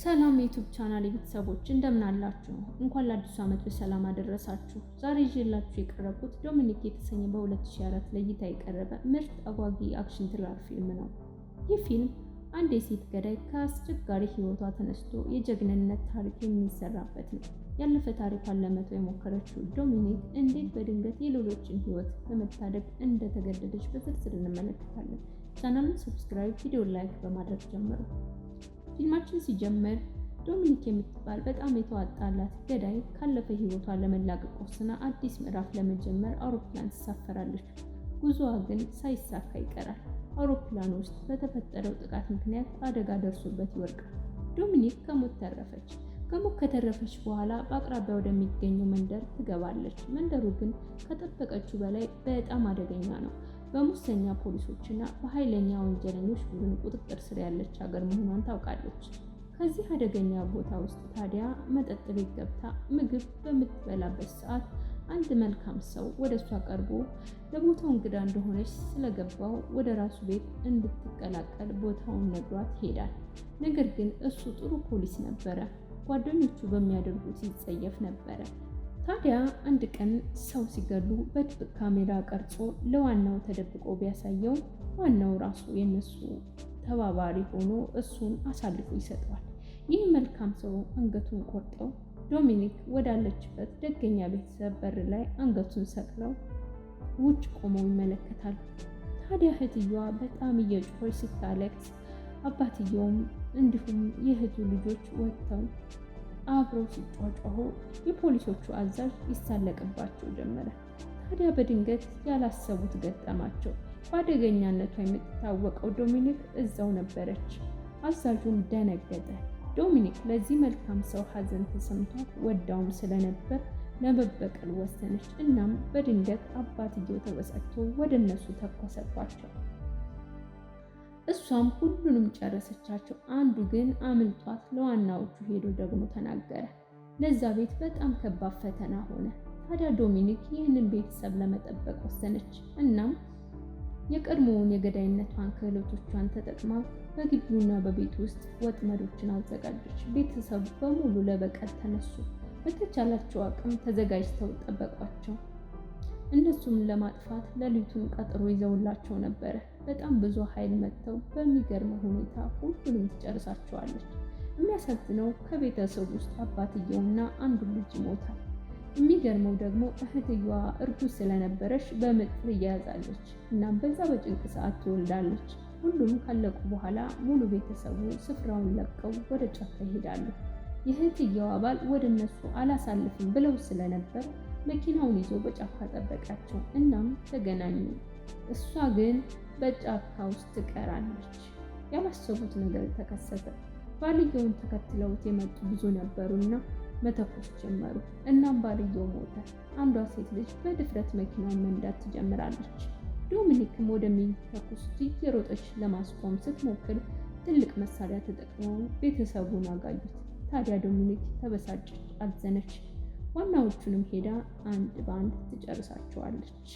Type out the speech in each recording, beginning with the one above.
ሰላም ዩቱብ ቻናል የቤተሰቦች እንደምን አላችሁ? እንኳን ለአዲሱ ዓመት በሰላም አደረሳችሁ። ዛሬ ይዤላችሁ የቀረብኩት ዶሚኒክ የተሰኘ በ2004 ለእይታ የቀረበ ምርጥ አጓጊ አክሽን ትራር ፊልም ነው። ይህ ፊልም አንድ የሴት ገዳይ ከአስቸጋሪ ሕይወቷ ተነስቶ የጀግንነት ታሪክ የሚሰራበት ነው። ያለፈ ታሪኳን ለመተው የሞከረችው ዶሚኒክ እንዴት በድንገት የሌሎችን ሕይወት ለመታደግ እንደተገደደች በዝርዝር እንመለከታለን። ቻናሉን ሰብስክራይብ፣ ቪዲዮ ላይክ በማድረግ ጀምሩ። ፊልማችን ሲጀምር ዶሚኒክ የምትባል በጣም የተዋጣላት ገዳይ ካለፈ ህይወቷ ለመላቀቅ ወስና አዲስ ምዕራፍ ለመጀመር አውሮፕላን ትሳፈራለች። ጉዞዋ ግን ሳይሳካ ይቀራል። አውሮፕላን ውስጥ በተፈጠረው ጥቃት ምክንያት አደጋ ደርሶበት ይወድቃል። ዶሚኒክ ከሞት ተረፈች። ከሞት ከተረፈች በኋላ በአቅራቢያ ወደሚገኘው መንደር ትገባለች። መንደሩ ግን ከጠበቀችው በላይ በጣም አደገኛ ነው። በሙሰኛ ፖሊሶችና በኃይለኛ ወንጀለኞች ቡድን ቁጥጥር ስር ያለች ሀገር መሆኗን ታውቃለች። ከዚህ አደገኛ ቦታ ውስጥ ታዲያ መጠጥ ቤት ገብታ ምግብ በምትበላበት ሰዓት አንድ መልካም ሰው ወደ እሷ ቀርቦ ለቦታው እንግዳ እንደሆነች ስለገባው ወደ ራሱ ቤት እንድትቀላቀል ቦታውን ነግሯት ይሄዳል። ነገር ግን እሱ ጥሩ ፖሊስ ነበረ፣ ጓደኞቹ በሚያደርጉት ይጸየፍ ነበረ። ታዲያ አንድ ቀን ሰው ሲገሉ በድብቅ ካሜራ ቀርጾ ለዋናው ተደብቆ ቢያሳየው ዋናው ራሱ የነሱ ተባባሪ ሆኖ እሱን አሳልፎ ይሰጠዋል። ይህ መልካም ሰው አንገቱን ቆርጠው ዶሚኒክ ወዳለችበት ደገኛ ቤተሰብ በር ላይ አንገቱን ሰቅለው ውጭ ቆመው ይመለከታል። ታዲያ እህትየዋ በጣም እየጮኸች ስታለቅስ፣ አባትየውም እንዲሁም የእህቱ ልጆች ወጥተው አብረው ሲጮጮሁ የፖሊሶቹ አዛዥ ይሳለቅባቸው ጀመረ። ታዲያ በድንገት ያላሰቡት ገጠማቸው። በአደገኛነቷ የምትታወቀው ዶሚኒክ እዛው ነበረች። አዛዡም ደነገጠ። ዶሚኒክ ለዚህ መልካም ሰው ሀዘን ተሰምቷት ወዳውም ስለነበር ለመበቀል ወሰነች። እናም በድንገት አባትየው ተበሳጭቶ ወደ እነሱ ተኮሰባቸው። እሷም ሁሉንም ጨረሰቻቸው። አንዱ ግን አምልጧት ለዋናዎቹ ሄዶ ደግሞ ተናገረ። ለዛ ቤት በጣም ከባድ ፈተና ሆነ። ታዲያ ዶሚኒክ ይህንን ቤተሰብ ለመጠበቅ ወሰነች። እናም የቀድሞውን የገዳይነቷን ክህሎቶቿን ተጠቅማ በግቢውና በቤት ውስጥ ወጥመዶችን አዘጋጀች። ቤተሰቡ በሙሉ ለበቀል ተነሱ። በተቻላቸው አቅም ተዘጋጅተው ጠበቋቸው። እነሱም ለማጥፋት ሌሊቱን ቀጥሮ ይዘውላቸው ነበረ። በጣም ብዙ ኃይል መጥተው በሚገርም ሁኔታ ሁሉንም ትጨርሳቸዋለች። የሚያሳዝነው ከቤተሰብ ውስጥ አባትየውና አንዱ ልጅ ይሞታል። የሚገርመው ደግሞ እህትየዋ እርጉዝ ስለነበረች በምጥ ትያያዛለች። እናም በዛ በጭንቅ ሰዓት ትወልዳለች። ሁሉም ካለቁ በኋላ ሙሉ ቤተሰቡ ስፍራውን ለቀው ወደ ጫካ ይሄዳሉ። የእህትየዋ ባል ወደ እነሱ አላሳልፍም ብለው ስለነበር መኪናውን ይዞ በጫካ ጠበቃቸው። እናም ተገናኙ። እሷ ግን በጫካ ውስጥ ትቀራለች። ያላሰቡት ነገር ተከሰተ። ባልየውን ተከትለውት የመጡ ብዙ ነበሩና መተኮስ ጀመሩ። እናም ባልየው ሞተ። አንዷ ሴት ልጅ በድፍረት መኪናውን መንዳት ትጀምራለች። ዶሚኒክም ወደሚተኩስ እየሮጠች ለማስቆም ስትሞክር ትልቅ መሳሪያ ተጠቅመው ቤተሰቡን አጋዩት። ታዲያ ዶሚኒክ ተበሳጨች፣ አዘነች። ዋናዎቹንም ሄዳ አንድ በአንድ ትጨርሳቸዋለች።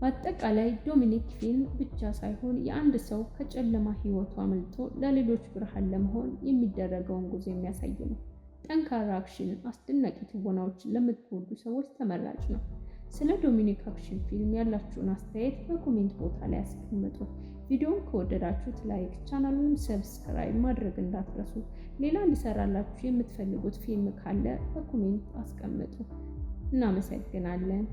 በአጠቃላይ ዶሚኒክ ፊልም ብቻ ሳይሆን የአንድ ሰው ከጨለማ ህይወቱ አመልጦ ለሌሎች ብርሃን ለመሆን የሚደረገውን ጉዞ የሚያሳይ ነው። ጠንካራ አክሽን፣ አስደናቂ ትወናዎችን ለምትወዱ ሰዎች ተመራጭ ነው። ስለ ዶሚኒክ አክሽን ፊልም ያላችሁን አስተያየት በኮሜንት ቦታ ላይ አስቀምጡ። ቪዲዮውን ከወደዳችሁት ላይክ፣ ቻናሉን ሰብስክራይብ ማድረግ እንዳትረሱ። ሌላ እንዲሰራላችሁ የምትፈልጉት ፊልም ካለ በኮሜንት አስቀምጡ። እናመሰግናለን።